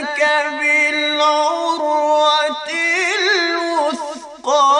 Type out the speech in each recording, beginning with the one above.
لك بالعروة الوثقى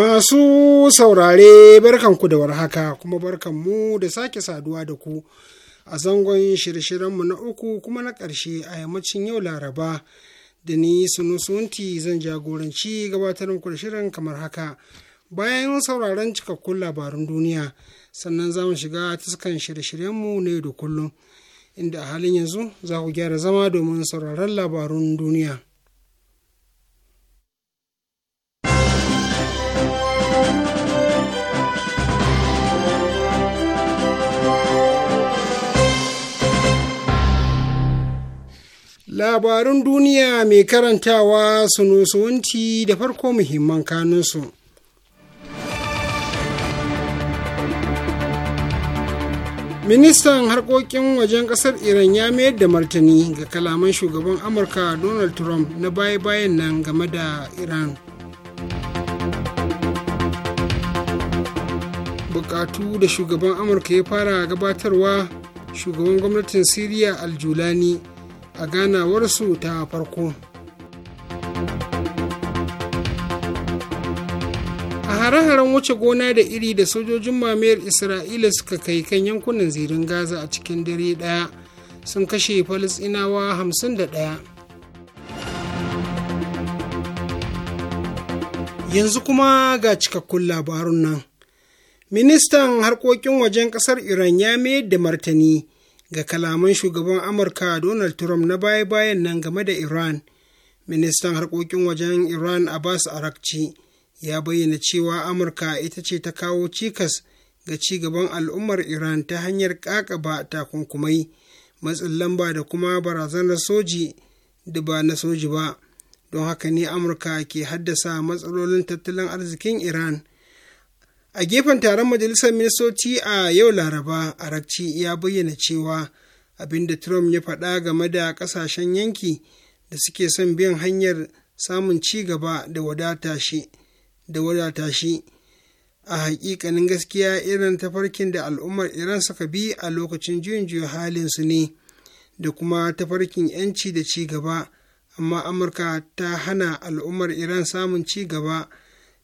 Masu saurare barkanku da warhaka kuma barkanmu da sake saduwa da ku a zangon shirye-shiryenmu na uku kuma na ƙarshe a yammacin yau Laraba da ni sunusunti zan jagoranci gabatar da shirin kamar haka bayan sauraron cikakkun labarun duniya sannan za mu shiga tuskan shirye-shiryenmu na yau da kullum inda a halin yanzu za ku gyara zama domin sauraron labarun duniya. Labarun duniya mai karantawa su nusuwanci da farko muhimman kanunsu. Ministan harkokin wajen kasar Iran ya mayar da martani ga kalaman shugaban Amurka Donald Trump na baya-bayan nan game da Iran. Bukatu da shugaban Amurka ya fara gabatarwa shugaban gwamnatin Siriya Aljulani a ganawarsu ta farko a hare-haren wuce gona da iri da sojojin mamayar isra'ila suka kai kan yankunan zirin gaza a cikin dare ɗaya sun kashe falisinawa 51 yanzu kuma ga cikakkun labarun nan ministan harkokin wajen kasar iran ya mayar da martani ga kalaman shugaban amurka donald trump na baya-bayan nan game da iran ministan harkokin wajen iran abbas arakci ya bayyana cewa amurka ita ce ta kawo cikas ga ci gaban al'ummar iran ta hanyar ba takunkumai matsin lamba da kuma barazanar soji da ba na soji ba don haka ne amurka ke haddasa matsalolin tattalin arzikin iran a gefen taron majalisar ministoci a yau laraba arakci ya bayyana cewa abin da trump ya faɗa game da ƙasashen yanki da suke son biyan hanyar samun ci gaba da wadata shi da wadata shi a haƙiƙanin gaskiya irin tafarkin da al'ummar iran suka bi a lokacin juyin juyin halinsu ne da kuma tafarkin yanci da ci gaba amma amurka ta hana al'ummar iran samun ci gaba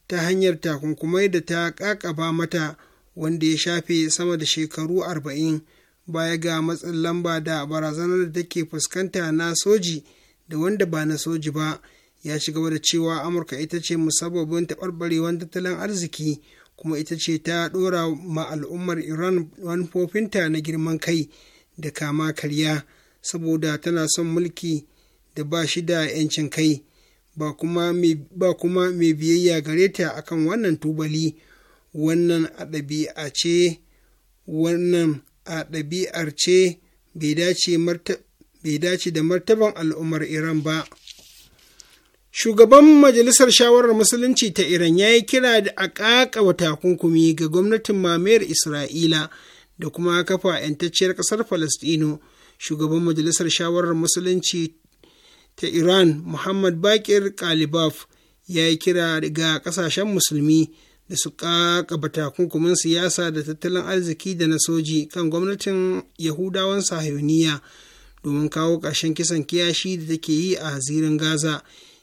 ta hanyar takunkumai da ta ƙaƙaba mata wanda ya shafe sama da shekaru arba'in baya ga matsin lamba da barazanar da take fuskanta na soji da wanda ba na soji ba ya ci gaba da cewa amurka ita ce musabbabin taɓarɓarewar tattalin arziki kuma ita ce ta ɗora ma al'ummar iran manufofinta na girman kai da kama karya saboda tana son mulki da ba shi da 'yancin kai ba kuma mai biyayya gare ta akan wannan tubali wannan a ce ɗabi'ar ce bai dace da martaban al'ummar iran ba shugaban majalisar shawarar musulunci ta iran ya yi kira da a wa takunkumi ga gwamnatin mamayar isra'ila da kuma kafa 'yantacciyar ƙasar falastino shugaban majalisar shawarar musulunci ta Iran Muhammad Bakir Kalibaf ya yi kira ga ƙasashen musulmi da su ƙaƙa takunkumin siyasa da tattalin arziki da na soji kan gwamnatin Yahudawan Sahiyoniya domin kawo ƙarshen kisan kiyashi da take yi a zirin Gaza.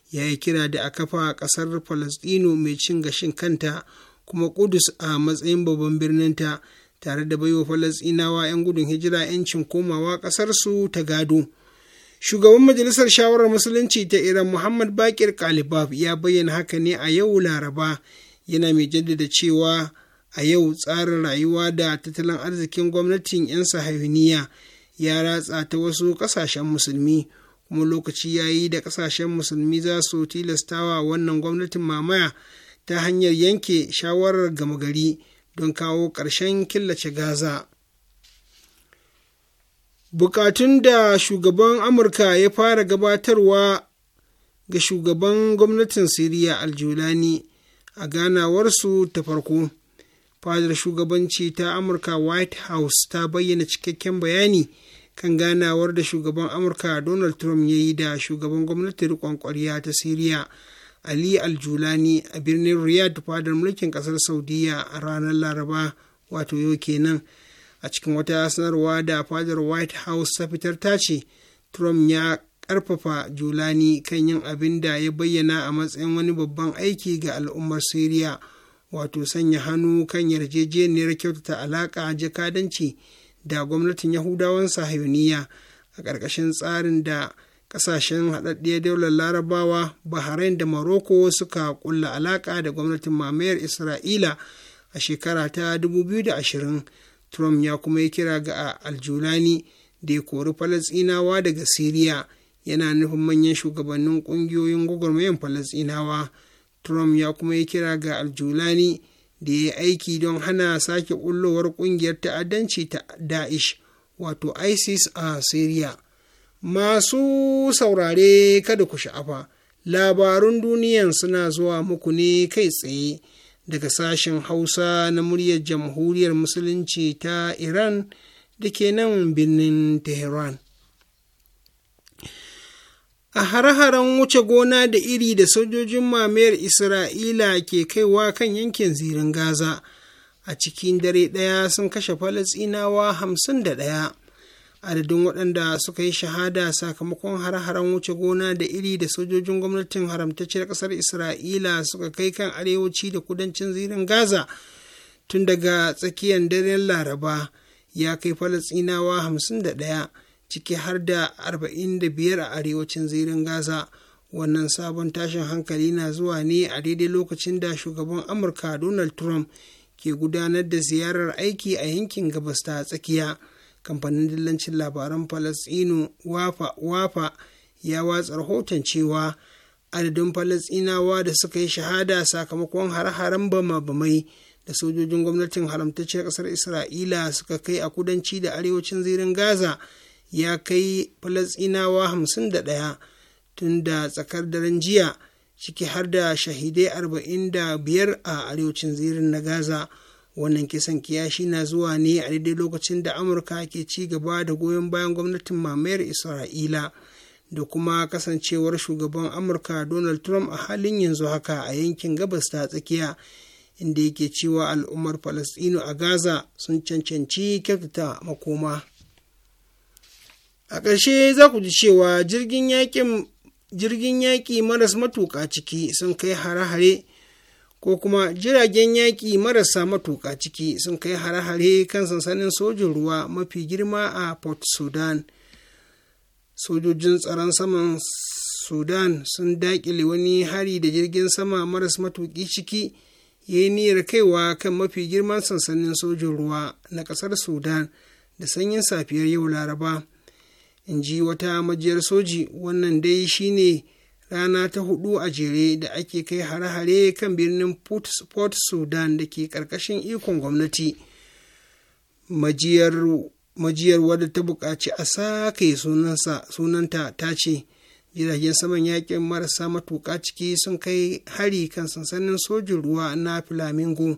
Ya yi kira da a kafa ƙasar Falasɗinu mai cin gashin kanta kuma Kudus a matsayin babban birninta tare da baiwa Falasɗinawa 'yan gudun hijira 'yancin komawa ƙasarsu ta gado. Shugaban Majalisar Shawarar Musulunci ta Iran Muhammad Bakir Kalibab ya bayyana haka ne a yau Laraba yana mai jaddada cewa a yau tsarin rayuwa da tattalin arzikin gwamnatin 'yan sahihuniya ya ratsa ta wasu ƙasashen musulmi kuma lokaci ya yi da ƙasashen musulmi za su tilastawa wannan gwamnatin mamaya ta hanyar yanke shawarar gama gari don kawo ƙarshen killace Gaza. bukatun da shugaban amurka ya fara gabatarwa ga shugaban gwamnatin siriya aljulani a ganawarsu ta farko fadar shugabanci ta amurka white house ta bayyana cikakken bayani kan ganawar da shugaban amurka donald trump ya yi da shugaban gwamnatin riƙon ƙwarya ta siriya ali aljulani a birnin riyadh fadar mulkin ƙasar saudiya a ranar laraba wato yau kenan. a cikin wata sanarwa da fadar white house ta fitar ta ce trump ya ƙarfafa julani kan yin abin da ya bayyana a matsayin wani babban aiki ga al'ummar syria wato sanya hannu kan yarjejeniyar kyautata alaƙa jakadanci da gwamnatin yahudawan sahayuniya a ƙarƙashin tsarin da ƙasashen haɗaɗɗiyar daular larabawa bahrain da maroko suka ƙulla alaƙa da gwamnatin mamayar isra'ila a shekara ta 2020 trump ya kuma yi kira ga aljulani da ya kori falasinawa daga siriya yana nufin manyan shugabannin ƙungiyoyin gwagwarmayan falasinawa trump ya kuma yi kira ga aljulani da ya yi aiki don hana sake ƙullowar ƙungiyar ta'addanci ta Daesh wato isis a siriya masu saurare kada ku sha'afa labarun duniyan suna zuwa muku ne kai tsaye daga sashen hausa na muryar jamhuriyar musulunci ta iran da ke nan birnin tehran a hare-haren wuce gona da iri da sojojin mamayar isra'ila ke kaiwa kan yankin zirin gaza a cikin dare ɗaya sun kashe falasinawa hamsin da ɗaya adadin waɗanda suka yi shahada sakamakon har-haren wuce gona da iri da sojojin gwamnatin haramtacciyar ƙasar isra'ila suka kai kan arewaci da kudancin zirin gaza tun daga tsakiyar daren laraba ya kai falastinawa 51 ciki har da 45 a arewacin zirin gaza wannan sabon tashin hankali na zuwa ne a daidai lokacin da shugaban amurka donald trump ke gudanar da ziyarar aiki a yankin gabas ta tsakiya. kamfanin dillancin labaran falasino wafa wafa ya watsa rahoton cewa adadin falasinawa da suka yi shahada sakamakon hare-haren bama-bamai da sojojin gwamnatin haramtacciyar ƙasar isra'ila suka kai a kudanci da arewacin zirin gaza ya kai falasinawa hamsin da ɗaya tun da tsakar daren jiya ciki har da shahidai arba'in da biyar a arewacin zirin na gaza wannan kisan kiyashi na zuwa ne a daidai lokacin da amurka ke ci gaba da goyon bayan gwamnatin mamayar isra'ila da kuma kasancewar shugaban amurka donald trump a halin yanzu haka a yankin gabas ta tsakiya inda yake cewa al'ummar falastino a gaza sun cancanci kyautata makoma a ƙarshe za ku ji cewa jirgin yaƙi maras matuƙa ciki sun kai hare-hare ko kuma jiragen yaƙi marasa matuƙa ciki sun kai hare-hare kan sansanin sojin ruwa mafi girma a port sudan sojojin tsaron saman sudan sun daƙile wani hari da jirgin sama maras matuƙi ciki ya yi niyyar kaiwa kan mafi girman sansanin sojin ruwa na ƙasar sudan da sanyin safiyar yau laraba in ji wata majiyar soji wannan dai shine rana ta hudu a jere da ake kai hare-hare kan birnin port sudan da ke karkashin ikon gwamnati majiyar majiyar wadda ta buƙaci a sake sunanta ta ce jiragen saman yakin marasa matuƙa ciki sun kai hari kan sansanin sojin ruwa na flamingo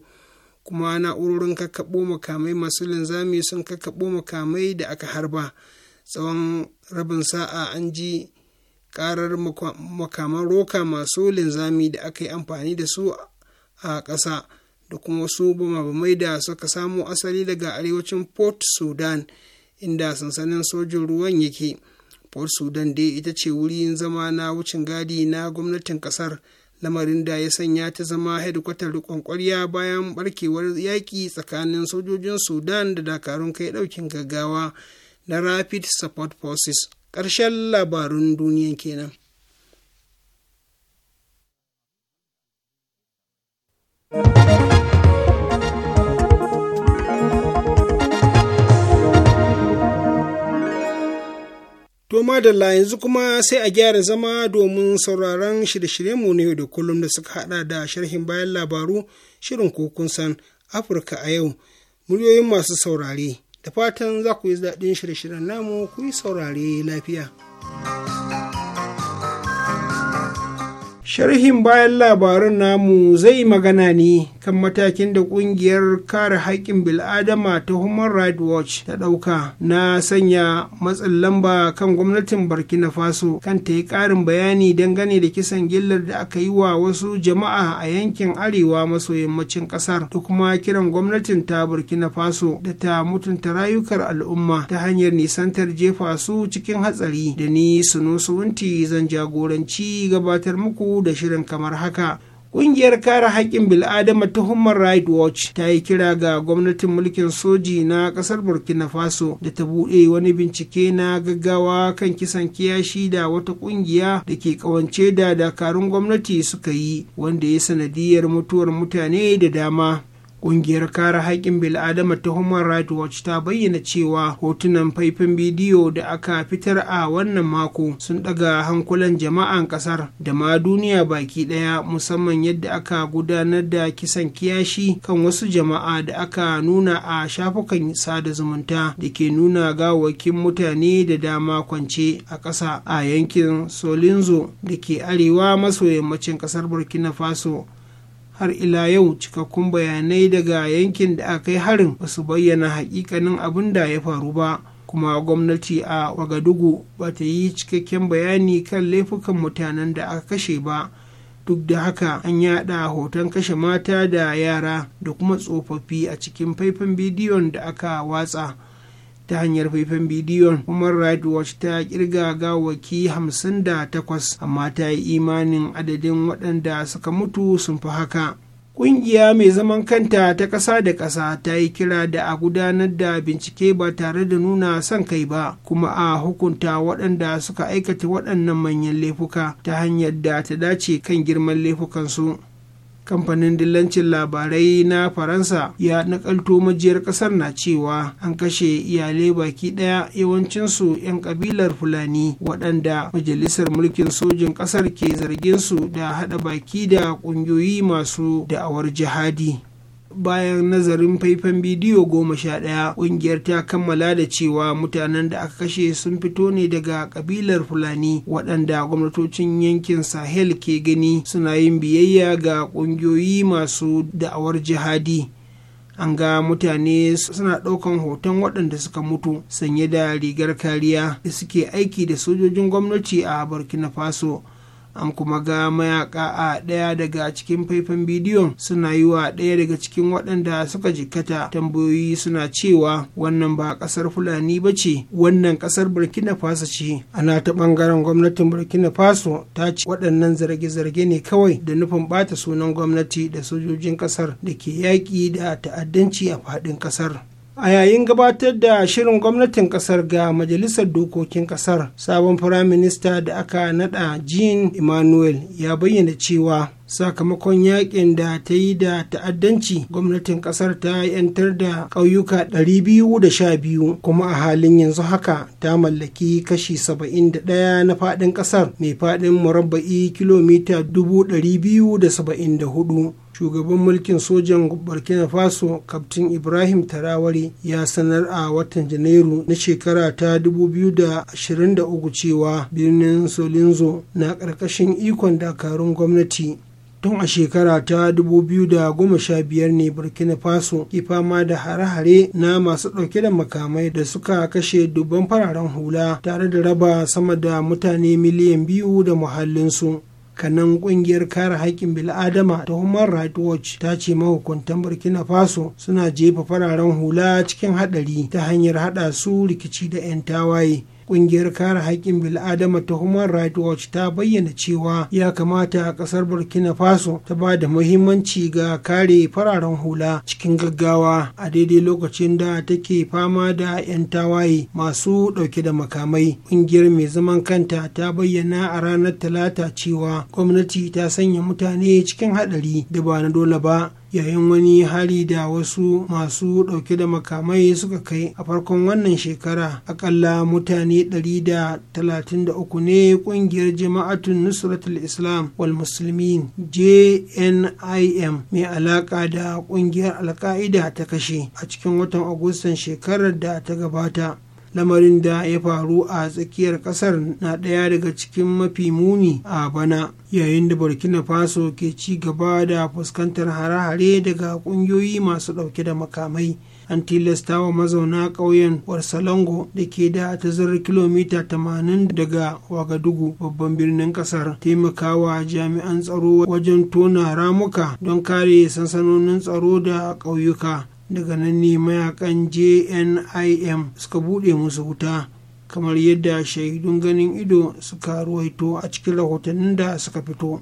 kuma na'urorin kakkaɓo makamai masu linzami sun kakkaɓo makamai da aka harba tsawon rabin sa'a an ji karar makaman roka masu linzami da aka yi amfani da su a ƙasa da kuma wasu bamabamai da suka samo asali daga arewacin port sudan inda sansanin sojin ruwan yake port sudan dai ita ce wurin zama na wucin gadi na gwamnatin ƙasar lamarin da ya sanya ta zama hedikwatar riƙon ƙwarya bayan barkewar yaƙi tsakanin sojojin sudan da dakarun kai ɗaukin gaggawa na rapid support forces ƙarshen labarun duniya kenan. To madalla yanzu kuma sai a gyara zama domin sauraron shirye-shiryenmu na yau da kullum da suka hada da sharhin bayan labaru shirin kokun Afirka a yau, muryoyin masu saurare, da fatan za ku yi daɗin shirye-shiryen namu ku yi saurare lafiya. sharhin bayan labaran namu zai magana ne kan matakin da kungiyar kare haƙƙin bil'adama ta human rights watch ta ɗauka na sanya matsin lamba kan gwamnatin burkina faso kan ta yi ƙarin bayani dangane da kisan gillar da aka yi wa wasu jama'a a yankin arewa maso yammacin ƙasar Ta kuma kiran gwamnatin ta burkina faso da ta mutunta rayukar al'umma ta hanyar nisantar jefa su cikin hatsari da ni wunti zan jagoranci gabatar muku da shirin kamar haka Ƙungiyar kare haƙƙin bil'adama ta Human Rights Watch ta yi kira ga gwamnatin mulkin soji na ƙasar Burkina Faso da ta buɗe wani bincike na gaggawa kan kisan kiyashi da wata ƙungiya da ke ƙawance da dakarun gwamnati suka yi wanda ya sanadiyar mutuwar mutane da dama. Ƙungiyar kare haƙƙin bil'adama ta Human Rights Watch ta bayyana cewa hotunan faifin bidiyo da aka fitar a wannan mako sun ɗaga hankulan jama'an ƙasar da ma duniya baki ɗaya musamman yadda aka gudanar da kisan kiyashi kan wasu jama'a da aka nuna a shafukan sada zumunta da ke nuna gawakin mutane da dama kwance a ƙasa a yankin Solinzo da ke arewa maso yammacin ƙasar Burkina Faso har ila yau cikakkun bayanai daga yankin da aka yi harin ba su bayyana hakikanin abin da ya faru ba kuma gwamnati a wagadugu ba ta yi cikakken bayani kan laifukan mutanen da aka kashe ba duk da haka an yada hoton kashe mata da yara da kuma tsofaffi a cikin faifan bidiyon da aka watsa ta hanyar faifan bidiyon human rights watch ta kirga gawaki 58 amma ta yi imanin adadin waɗanda suka mutu sun fi haka Ƙungiya mai zaman kanta ta ƙasa da ƙasa ta yi kira da a gudanar da bincike ba tare da nuna son kai ba, kuma a hukunta waɗanda suka aikata waɗannan manyan laifuka ta hanyar da ta dace kan girman laifukansu. kamfanin dillancin labarai na faransa ya nakalto majiyar kasar na cewa an kashe iyalai baki daya yawancinsu 'yan kabilar fulani waɗanda majalisar mulkin sojin kasar ke zargin su da haɗa baki da ƙungiyoyi masu da'awar jihadi bayan nazarin faifan bidiyo goma sha ɗaya ƙungiyar ta kammala da cewa mutanen da aka kashe sun fito ne daga ƙabilar fulani waɗanda gwamnatocin yankin sahel ke gani suna yin biyayya ga ƙungiyoyi masu da'awar jihadi an ga mutane suna ɗaukan hoton waɗanda suka mutu sanye da rigar kariya da suke aiki da sojojin gwamnati a burkina faso an kuma ga mayaka a ɗaya daga cikin faifan bidiyon suna yi wa ɗaya daga cikin waɗanda suka jikkata tambayoyi suna cewa wannan ba ƙasar fulani ba ce wannan ƙasar burkina faso ce ana ta ɓangaren gwamnatin burkina faso ta ce waɗannan zarge-zarge ne kawai da nufin ɓata sunan gwamnati da sojojin ƙasar da ke yaƙi da ta'addanci a faɗin ƙasar a yayin gabatar da shirin gwamnatin kasar ga majalisar dokokin kasar sabon firaminista da aka nada jean emmanuel ya bayyana cewa sakamakon yakin da ta yi da ta'addanci gwamnatin kasar ta yantar da ƙauyuka 212 kuma a halin yanzu haka ta mallaki kashi 71 na faɗin ƙasar mai faɗin murabba'i kilomita 274 shugaban mulkin sojan burkina faso kaftin ibrahim tarawari ya sanar a watan janairu na shekara ta 2023 cewa birnin solinzo na ƙarƙashin ikon dakarun gwamnati tun a shekara ta 2015 ne burkina faso ke fama da hare-hare na masu ɗauke da makamai da suka kashe dubban fararen hula tare da raba sama da mutane miliyan biyu da muhallinsu kanan kungiyar kare haƙƙin bil'adama ta human rights watch ta ce mahukuntan burkina faso suna jefa fararen hula cikin haɗari ta hanyar haɗa su rikici da 'yan tawaye Ƙungiyar kare haƙƙin bil'adama ta Human Rights Watch ta bayyana cewa ya kamata ƙasar Burkina Faso ta ba da muhimmanci ga kare fararen hula cikin gaggawa a daidai lokacin da take fama da 'yan tawaye masu ɗauke da makamai. Ƙungiyar mai zaman kanta ta bayyana a ranar Talata cewa gwamnati ta sanya mutane cikin haɗari da ba na dole ba. yayin wani hari da wasu masu ɗauke da makamai suka kai a farkon wannan shekara akalla mutane 133 ne ƙungiyar jama'atun nusratul islam wal musulmin jnim mai alaƙa da ƙungiyar alka'ida ta kashe a cikin watan agustan shekarar da ta gabata lamarin da ya faru a tsakiyar kasar na ɗaya daga cikin mafi muni a bana yayin da burkina faso ke ci gaba da fuskantar hare-hare daga ƙungiyoyi masu ɗauke da makamai an tilasta wa mazauna ƙauyen warsalongo da ke da tazarar kilomita 80 daga wagadugu babban birnin ƙasar taimakawa jami'an tsaro wajen tona ramuka don kare sansanonin tsaro da ƙauyuka daga nan ne mayakan jnim suka buɗe musu wuta kamar yadda shaidun ganin ido suka ruwaito a cikin rahotannin da suka fito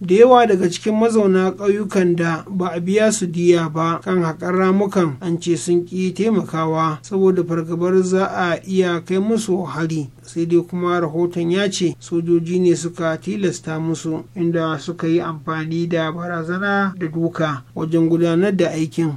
da yawa daga cikin mazauna ƙauyukan da ba a biya su diya ba kan haƙar ramukan an ce sun ƙi taimakawa saboda fargabar za a iya kai musu hari sai dai kuma rahoton ya ce sojoji ne suka tilasta musu inda suka yi amfani da barazana da duka wajen gudanar da aikin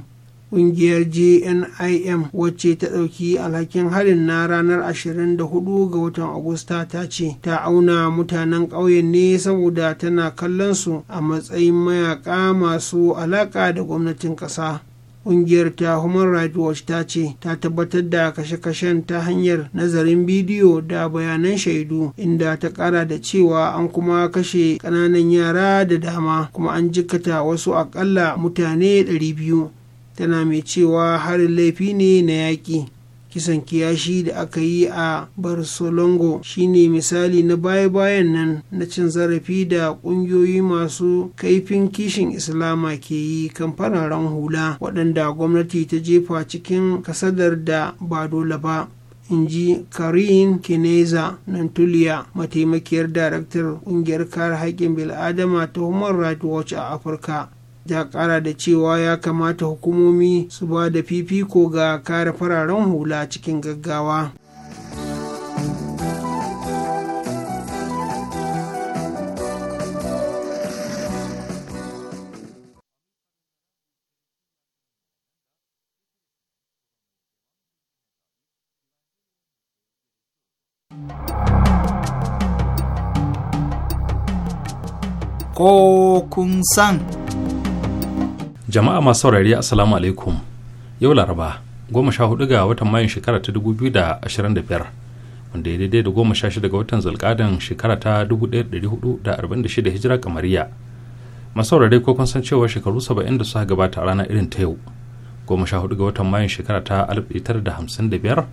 kungiyar jnim wacce ta ɗauki alhakin harin na ranar 24 ga watan agusta ta ce ta auna mutanen ƙauyen ne saboda tana kallon su a matsayin mayaka masu alaƙa da gwamnatin ƙasa ƙungiyar ta human rights watch ta ce ta tabbatar da kashe-kashen ta hanyar nazarin bidiyo da bayanan shaidu inda ta kara da cewa an kuma kashe kananan yara da dama kuma an jikata wasu akalla mutane 200 tana mai cewa harin laifi ne na yaƙi kisan kiyashi da aka yi a barcelongo shine misali na baya-bayan nan na cin zarafi da ƙungiyoyi masu kaifin kishin islama ke yi kan fararen hula waɗanda gwamnati ta jefa cikin kasadar da ba dole ba in ji karin kineza nantuliya mataimakiyar daraktar ƙungiyar kare haƙƙin bil'adama ta human rights watch a afirka ya kara da cewa ya kamata hukumomi su ba da fifiko ga kare fararen hula cikin gaggawa Ko kun san. jama'a masu saurari assalamu alaikum yau laraba goma sha hudu ga watan mayun shekara ta dubu biyu da ashirin da biyar wanda ya daidai da goma sha shida ga watan zulkadan shekara ta dubu ɗaya da hudu da arba'in da shida hijira kamariya masu saurari ko kun san cewa shekaru saba'in da suka gabata a rana irin ta yau goma sha hudu ga watan mayun shekara ta alif tara da hamsin da biyar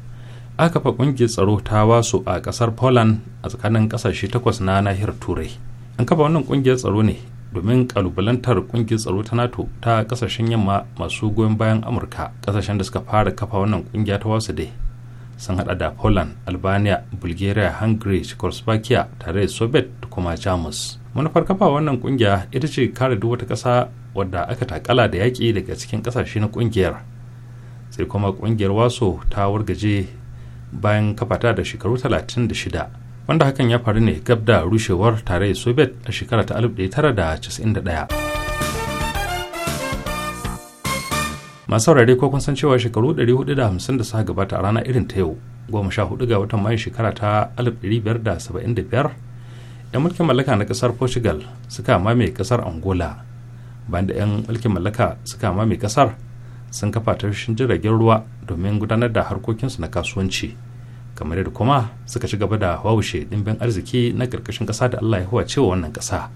aka kafa ƙungiyar tsaro ta wasu a ƙasar poland a tsakanin ƙasashe takwas na nahiyar turai an kafa wannan ƙungiyar tsaro ne domin kalubalantar kungiyar tsaro ta nato ta kasashen yamma masu goyon bayan amurka kasashen da suka fara kafa wannan kungiya ta wasu dai sun hada da poland albania bulgaria hungary czechoslovakia tare da soviet da kuma jamus manufar kafa wannan kungiya ita ce kare duk wata kasa wadda aka takala da yaƙi daga cikin kasashe na kungiyar sai kuma kungiyar waso ta wargaje bayan kafata da shekaru 36 wanda hakan ya faru ne gab da rushewar tarayyar soviet a shekara ta 1991 masu saurare ko kun san cewa shekaru 450 da suka gabata a rana irin ta yau goma sha hudu ga watan mayu shekara ta 1575 'yan mulkin mallaka na kasar portugal suka mame kasar angola bayan da 'yan mulkin mallaka suka mame kasar sun kafa tashoshin jiragen ruwa domin gudanar da harkokinsu na kasuwanci kamar yadda kuma suka ci gaba da wawushe dimbin arziki na karkashin ƙasa da allah ya huwa cewa wannan kasa.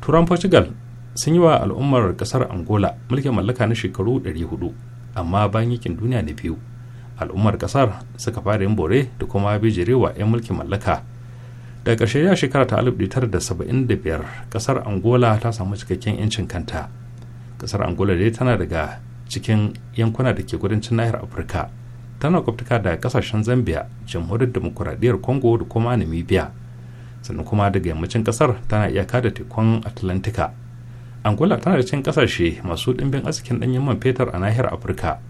turan portugal sun yi wa al'ummar ƙasar angola mulkin mallaka na shekaru 400 amma bayan yakin duniya na biyu al'ummar ƙasar suka fara yin bore da kuma bijirewa 'yan mulkin mallaka da karshe ya shekara ta 1975 ƙasar angola ta samu cikakken 'yancin kanta ƙasar angola dai tana daga cikin yankuna da ke kudancin nahiyar afirka tana gwabtaka da kasashen zambia jamhuriyar demokuraɗiyyar congo da kuma namibia sannan kuma daga yammacin kasar tana iyaka da tekun atlantika angola tana da cikin kasashe masu ɗimbin askin ɗanyen man fetur a nahiyar afirka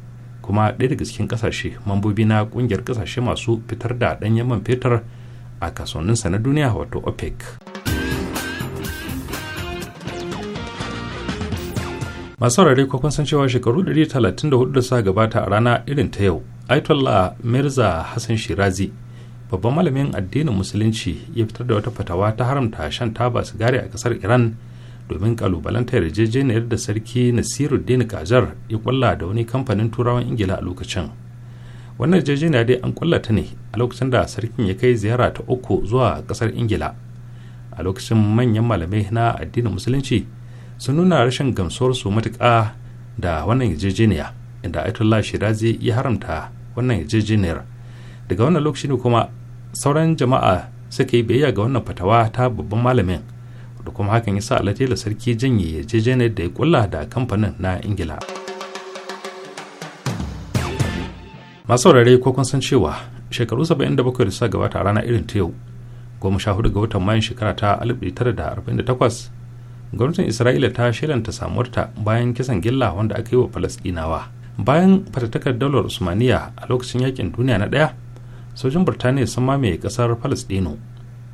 kuma ɗaya daga cikin kasashe mambobi na ƙungiyar kasashe masu fitar da ɗanyen man fetur a kasuwanninsa na duniya wato opec masu saurari kwakwan kun san cewa shekaru 134 da suka gabata a rana irin ta yau Aitullah Mirza Hassan Shirazi babban malamin addinin musulunci ya fitar da wata fatawa ta haramta shan taba sigari a kasar Iran domin kalubalanta yarjejeniyar da sarki Nasiruddin Kajar ya kwalla da wani kamfanin turawan Ingila a lokacin. Wannan yarjejeniya dai an kwalla ta ne a lokacin da sarkin ya kai ziyara ta uku zuwa kasar Ingila. A lokacin manyan malamai na addinin musulunci sun nuna rashin gamsuwar su matuƙa da wannan yarjejeniya inda Aitullah Shirazi ya haramta wannan yarjejeniyar daga wannan lokaci ne kuma sauran jama'a suka yi biyayya ga wannan fatawa ta babban malamin da kuma hakan ya sa alatela sarki janye yarjejeniyar da ya kulla da kamfanin na ingila masu saurare ko kun san cewa shekaru 77 da suka gabata a rana irin ta yau goma sha hudu ga watan mayun shekara ta 1948 gwamnatin isra'ila ta shelanta samuwarta bayan kisan gilla wanda aka yi wa falasɗinawa bayan fatattakar daular usmaniya a lokacin yakin duniya na daya sojin birtaniya sun mamaye kasar palestino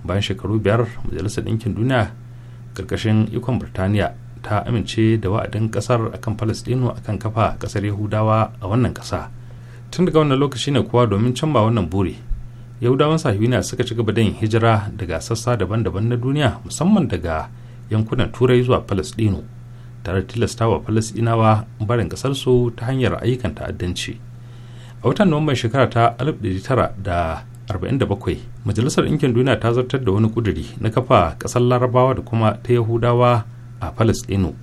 bayan shekaru biyar majalisar ɗinkin duniya karkashin ikon birtaniya ta amince da wa'adin kasar akan palestino akan kafa kasar yahudawa a wannan kasa tun daga wannan lokaci ne kuwa domin canba wannan buri yahudawan sahiyuna suka ci gaba da yin hijira daga sassa daban-daban na duniya musamman daga yankunan turai zuwa palestino tare da wa falasɗinawa barin ƙasarsu ta hanyar ayyukan ta'addanci a watan nuwamban shekara ta 1947 majalisar ɗinkin duniya ta zartar da wani ƙuduri na kafa ƙasar larabawa da kuma ta yahudawa a falasɗinu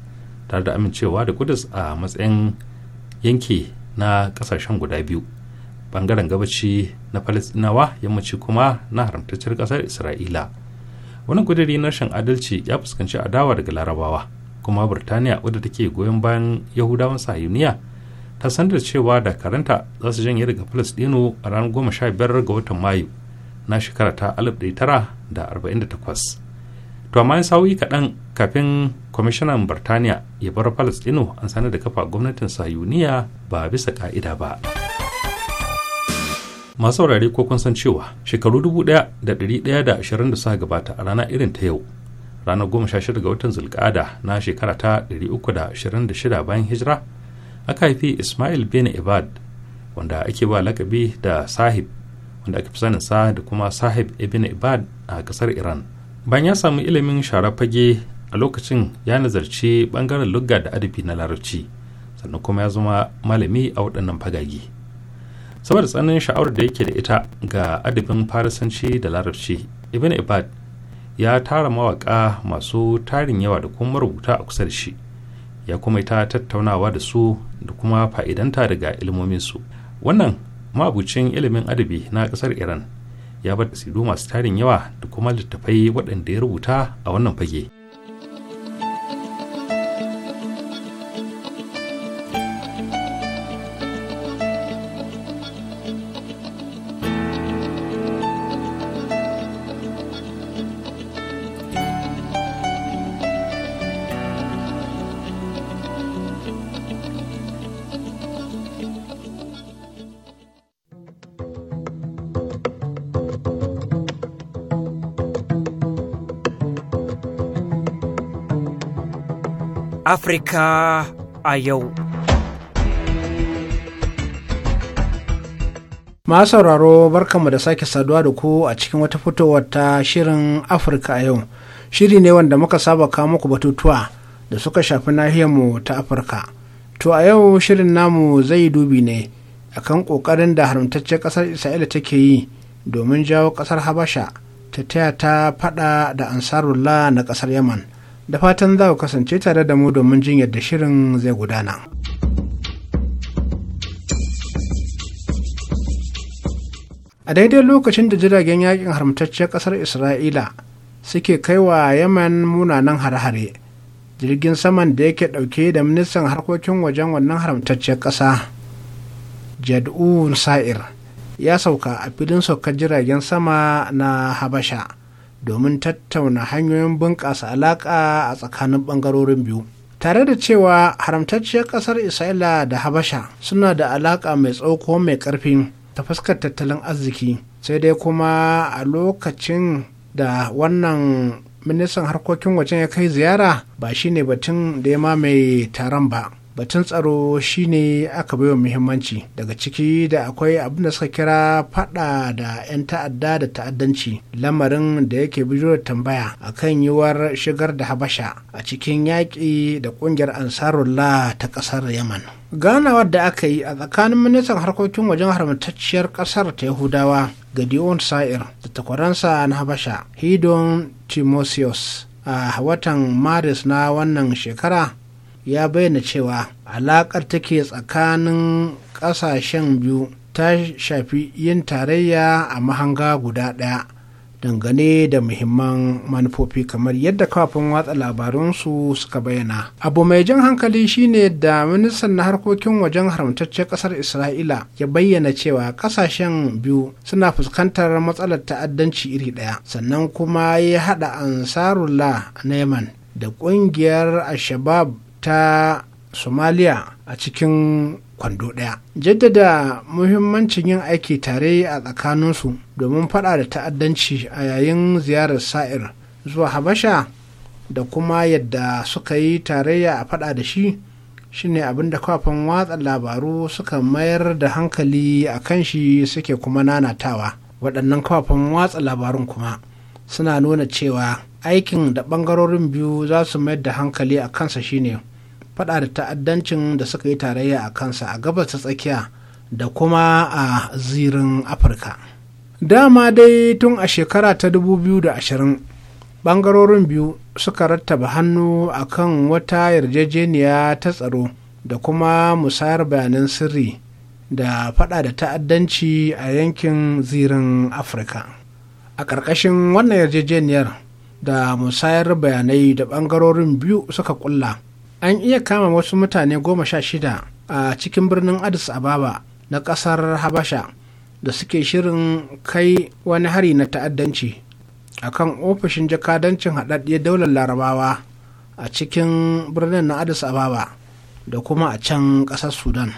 tare da amincewa da kudus a matsayin yanki na ƙasashen guda biyu bangaren gabaci na falasɗinawa yammaci kuma na haramtacciyar ƙasar isra'ila wani ƙuduri na rashin adalci ya fuskanci adawa daga larabawa kuma burtaniya wadda take goyon bayan yahudawan sahiyuniya ta sanar cewa dakaranta za su janye daga palestino a ranar goma sha biyar ga watan mayu na shekara ta alif ɗaya tara da arba'in da takwas to amma sa'o'i kaɗan kafin kwamishinan burtaniya ya bar palestino an sanar da kafa gwamnatin sahiyuniya ba bisa ka'ida ba masu saurare ko kun san cewa shekaru 1120 da suka gabata a rana irin ta yau ranar goma 16 ga watan zulkada na shekara ta shida bayan hijira aka haifi ismail bin ibad wanda ake ba lakabi da sahib wanda aka fi sanin sa da kuma sahib ibn ibad a kasar iran bayan ya samu ilimin shara fage a lokacin ya nazarci bangaren lugga da adabi na larabci sannan kuma ya zama malami a waɗannan fagage saboda tsananin sha'awar da yake da ita ga adabin farisanci da larabci ibn ibad ya tara mawaƙa masu tarin yawa da kuma rubuta a kusa da shi ya kuma ta tattaunawa da su da kuma fa'idanta daga ilmominsu wannan mabucin ilimin adabi na ƙasar iran ya bar sidu masu tarin yawa da kuma littattafai waɗanda ya rubuta a wannan fage. Afirka a yau. Ma sauraro barkanmu da sake saduwa da ku a cikin wata fitowar ta shirin Afirka a yau. Shiri ne wanda muka saba kawo muku batutuwa da suka shafi nahiyarmu ta Afirka. To a yau shirin namu zai dubi ne akan ƙoƙarin da haramtaccen ƙasar Isra'ila take yi domin jawo ƙasar Habasha ta taya ta faɗa da Ansarullah na ƙasar Yaman. da fatan za ku kasance tare da mu domin jin yadda shirin zai gudana. A daidai lokacin da jiragen yakin haramtacciyar ƙasar Isra'ila suke kaiwa Yaman munanan hare-hare, jirgin saman da yake ɗauke da ministan harkokin wajen wannan haramtacciyar ƙasa, Jad'u Sa'ir, ya sauka a filin saukar jiragen sama na Habasha. domin tattauna hanyoyin bunƙasa alaƙa a tsakanin ɓangarorin biyu tare da cewa haramtacciyar ƙasar isra'ila da habasha suna da alaƙa mai tsoko mai ƙarfi ta fuskar tattalin arziki sai dai kuma a lokacin da wannan ministan harkokin wajen ya kai ziyara ba shi ne batun da ya mamaye taron ba batun tsaro shine aka baiwa muhimmanci daga ciki da akwai abin da suka kira fada da 'yan ta'adda da ta'addanci lamarin da yake bijo da tambaya a kan yiwuwar shigar da habasha a cikin yaƙi da ƙungiyar ansarullah ta ƙasar yaman ganawar da aka yi a tsakanin ministan harkokin wajen haramtacciyar ƙasar ta yahudawa dion sa'ir da takwaransa na habasha hidon timotheus a watan maris na wannan shekara ya bayyana cewa alaƙar take tsakanin ƙasashen biyu ta shafi yin tarayya a mahanga guda ɗaya dangane da muhimman manufofi kamar yadda kafin watsa labarunsu suka bayyana abu mai jan hankali shine da ministan na harkokin wajen haramtaccen kasar isra'ila ya bayyana cewa kasashen biyu suna fuskantar matsalar ta'addanci iri ɗaya sannan kuma ya haɗa ansarullah na yaman da ƙungiyar al-shabab ta somaliya a cikin kwando ɗaya jaddada muhimmancin yin aiki tare a tsakaninsu domin fada da ta'addanci a yayin ziyarar sa'ir zuwa habasha da kuma yadda suka yi tarayya a fada da shi shine abin da kafin watsa labaru suka mayar da hankali a kan shi suke kuma nanatawa waɗannan kafin watsa labarun kuma suna nuna cewa aikin da bangarorin biyu za su mayar da hankali a kansa shine fada da ta'addancin da suka yi tarayya a kansa a gabas ta tsakiya da kuma a zirin afirka dama dai tun a shekara ta 2020 bangarorin biyu suka rattaba hannu a kan wata yarjejeniya ta tsaro da kuma musayar bayanan sirri da fada da ta'addanci a yankin zirin afirka a ƙarƙashin wannan yarjejeniyar da musayar bayanai da bangarorin biyu suka kulla an iya kama wasu mutane goma sha shida a cikin birnin addis ababa na kasar habasha da suke shirin kai wani hari na ta'addanci a kan ofishin jakadancin haɗaɗɗiyar daular larabawa a cikin birnin na addis ababa da kuma a can ƙasar sudan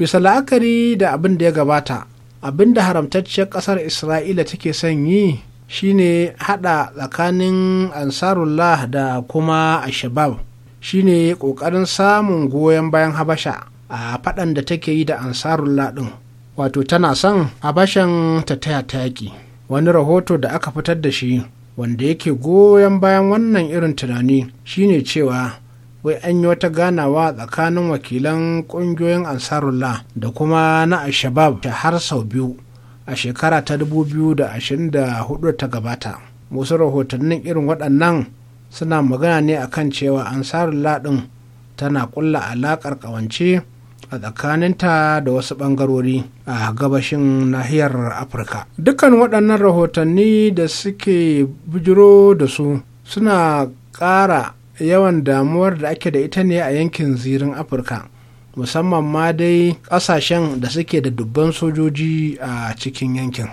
bisa la'akari da abin da ya gabata abin da haramtacciyar ƙasar isra'ila take son yi shine hada tsakanin ansarullah da kuma ashabab shine kokarin samun goyon bayan habasha a fadan da take yi da ansarullah din wato tana son habashan ta taya taki wani rahoto da aka fitar da shi wanda yake goyon bayan wannan irin tunani shine cewa wai an yi wata ganawa tsakanin wakilan kungiyoyin ansarullah da kuma na ashabab har sau biyu a shekara ta 2024 ta gabata musu rahotannin irin waɗannan suna magana ne akan cewa ansarullah laɗin tana kulla alaƙar ƙawance a tsakaninta da wasu ɓangarori a gabashin nahiyar afirka dukkan waɗannan rahotanni da suke bijiro da su suna ƙara yawan damuwar da ake da ita ne a yankin zirin afirka musamman ma dai ƙasashen da suke da dubban sojoji a cikin yankin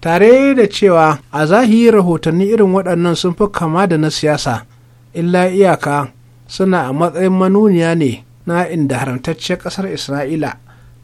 tare da cewa a zahiri rahotanni irin waɗannan sun fi kama da na siyasa illa iyaka suna a matsayin manuniya ne na inda haramtacciyar ƙasar isra'ila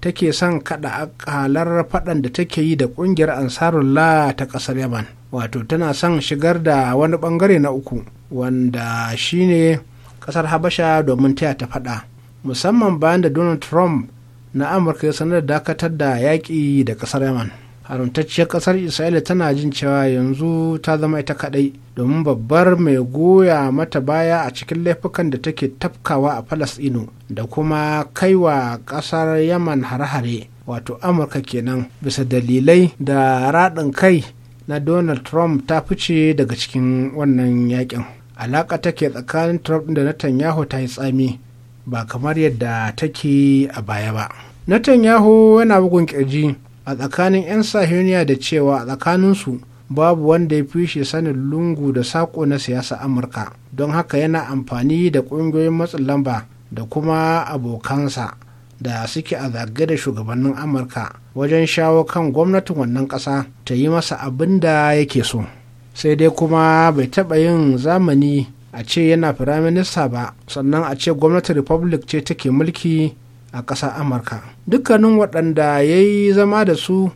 take son kaɗa akalar faɗan da take yi da ƙungiyar ansarullah ta ƙasar yaman wato tana son shigar da wani ɓangare na uku wanda shine ƙasar habasha domin taya ta faɗa musamman bayan da donald trump na amurka ya sanar da dakatar da yaƙi da ƙasar yaman haramtacciyar ƙasar isra'ila tana jin cewa yanzu ta zama ita kaɗai domin babbar mai goya mata baya a cikin laifukan da take tafkawa a falasɗinu da kuma kaiwa ƙasar yaman hare-hare wato amurka kenan bisa dalilai da raɗin kai na donald trump ta fice daga cikin wannan yaƙin. alaƙa take tsakanin trump da netanyahu ta yi tsami ba kamar yadda take a baya ba netanyahu yana bugun kirji a tsakanin 'yan sahiyoniya da cewa a tsakaninsu babu wanda ya fi shi sanin lungu da saƙo na siyasa amurka don haka yana amfani da ƙungiyoyin matsin lamba da kuma abokansa da suke a zage da shugabannin amurka wajen shawo kan gwamnatin wannan ƙasa ta yi masa abin da yake so sai dai kuma bai taɓa yin zamani a ce yana firaminista ba sannan a ce gwamnati republic ce take mulki a ƙasa amurka dukkanin waɗanda ya yi zama da su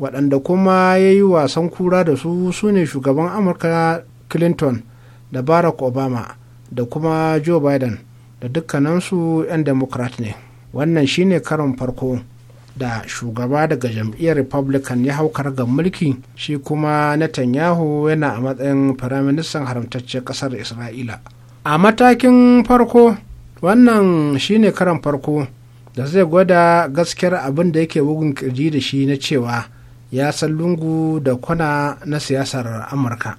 waɗanda kuma ya yi wasan kura da su su ne shugaban amurka clinton da barack obama da kuma joe biden da dukkanansu 'yan democrat ne wannan shine karon farko da shugaba daga jam'iyyar republican ya haukar ga mulki shi kuma netanyahu yana a matsayin firaministan haramtacciyar kasar isra'ila a matakin farko wannan shine karan farko da zai gwada gaskiyar abin da yake bugun kirji da shi na cewa ya san lungu da kwana na siyasar amurka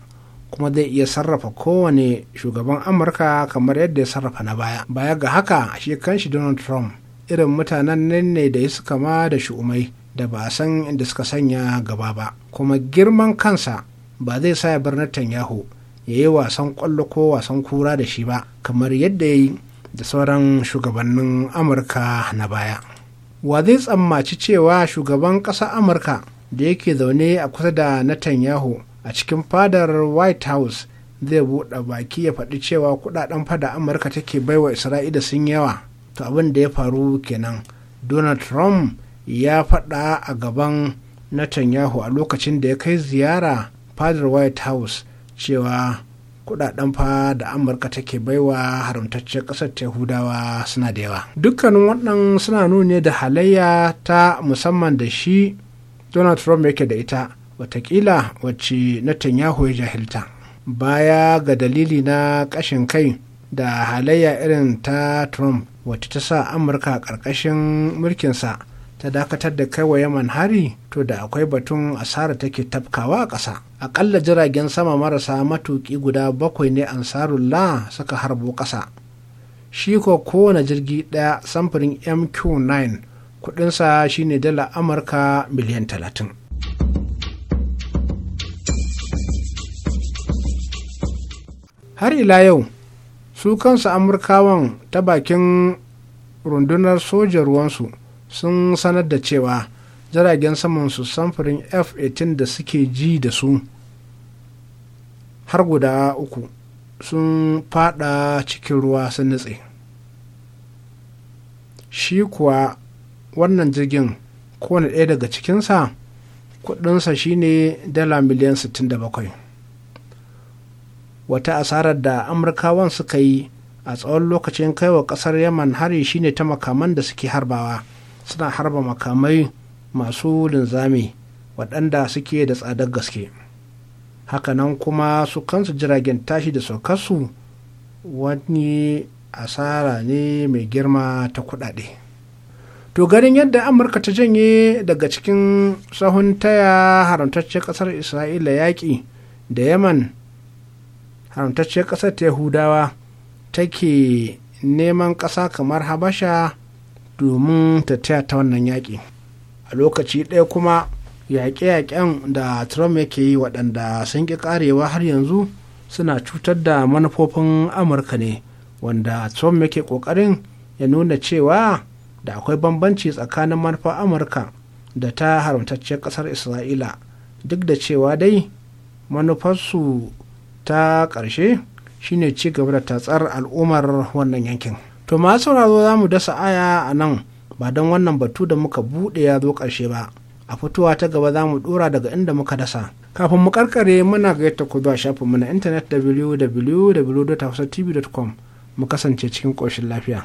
kuma zai iya sarrafa kowane shugaban amurka kamar yadda ya sarrafa na baya baya ga haka shi kanshi donald trump irin mutanen nan ne da ya suka ma da shu'umai da ba san inda suka sanya gaba ba kuma girman kansa ba zai sa ya bar Netanyahu ya yi wasan kwallo ko wasan kura da shi ba kamar yadda ya yi da sauran shugabannin amurka na baya wa zai tsammaci cewa shugaban ƙasa amurka da yake zaune a kusa da netanyahu a cikin fadar white house zai buɗe baki ya faɗi cewa kudaden fada amurka take baiwa isra'ila sun yawa to abin da ya faru kenan donald trump ya faɗa a gaban netanyahu a lokacin da ya kai ziyara fadar white house cewa kudaden fa da amurka take baiwa haramtacciyar ƙasar yahudawa suna da yawa dukkanin waɗannan suna nuni da halayya ta musamman da shi donald trump yake da ita watakila wacce netanyahu ya jahilta baya ga dalili na ƙashin kai da halayya irin ta trump wata ta sa amurka ƙarƙashin mulkinsa ta dakatar da kai wa yaman hari to da akwai batun asara take tafkawa a ƙasa aƙalla jiragen sama marasa matuƙi guda bakwai ne ansarulla suka harbo ƙasa shi ko kowane jirgi ɗaya samfurin mq9 kudinsa shine dala amurka miliyan talatin. har ila yau su kansu amurkawan ta bakin rundunar sojan ruwansu sun sanar da cewa jiragen saman su samfurin f-18 da suke ji da su har guda uku sun fada cikin ruwa sun nutse shi kuwa wannan jirgin kowane ɗaya daga cikinsa kudinsa shine dala miliyan 67 wata asarar da amurkawan suka yi a tsawon lokacin kaiwa kasar yaman hari shine ta makaman da suke harbawa suna harba makamai masu linzami waɗanda suke da tsadar gaske hakanan kuma su kansu jiragen tashi da saukarsu wani asara ne mai girma ta kuɗaɗe to ganin yadda amurka ta janye daga cikin sahun taya haramtaccen ƙasar isra'ila yaƙi da yaman haramtacciyar ƙasar ta yahudawa take neman ƙasa kamar habasha domin ta taya ta wannan yaƙi a lokaci ɗaya kuma yaƙe-yaƙen da trump yake yi waɗanda sun ƙi ƙarewa har yanzu suna cutar da manufofin amurka ne wanda trump yake ƙoƙarin ya nuna cewa da akwai bambanci tsakanin manufar amurka da ta haramtacciyar ƙasar isra'ila duk da cewa dai manufarsu ta ƙarshe shine ci gaba da tatsar al'ummar wannan yankin to ma sauraro za mu dasa aya a nan ba don wannan batu da muka buɗe ya zo ƙarshe ba a fitowa ta gaba za mu ɗora daga inda muka dasa kafin mu karkare muna gayyata ku zuwa mu na intanet www.hausatv.com mu kasance cikin koshin lafiya.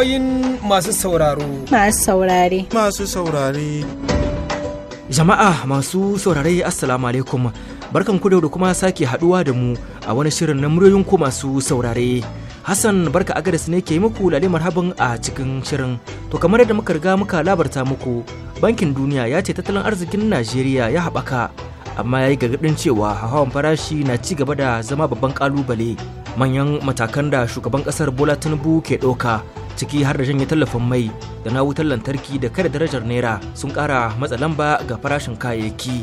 ra'ayoyin masu sauraro. Masu saurare. Masu saurare. Jama'a masu saurare Assalamu alaikum. Barkan ku da kuma sake haduwa da mu a wani shirin na muryoyin masu saurare. Hassan barka agadas ne ke muku lale marhaban a cikin shirin. To kamar yadda muka riga muka labarta muku, Bankin Duniya ya ce tattalin arzikin Najeriya ya haɓaka, amma ya yi gargaɗin cewa hawan farashi na ci gaba da zama babban ƙalubale. manyan matakan da shugaban ƙasar bola tinubu ke ɗauka ciki har da janye tallafin mai da na wutar lantarki da kare darajar naira sun kara matsa lamba ga farashin kayayyaki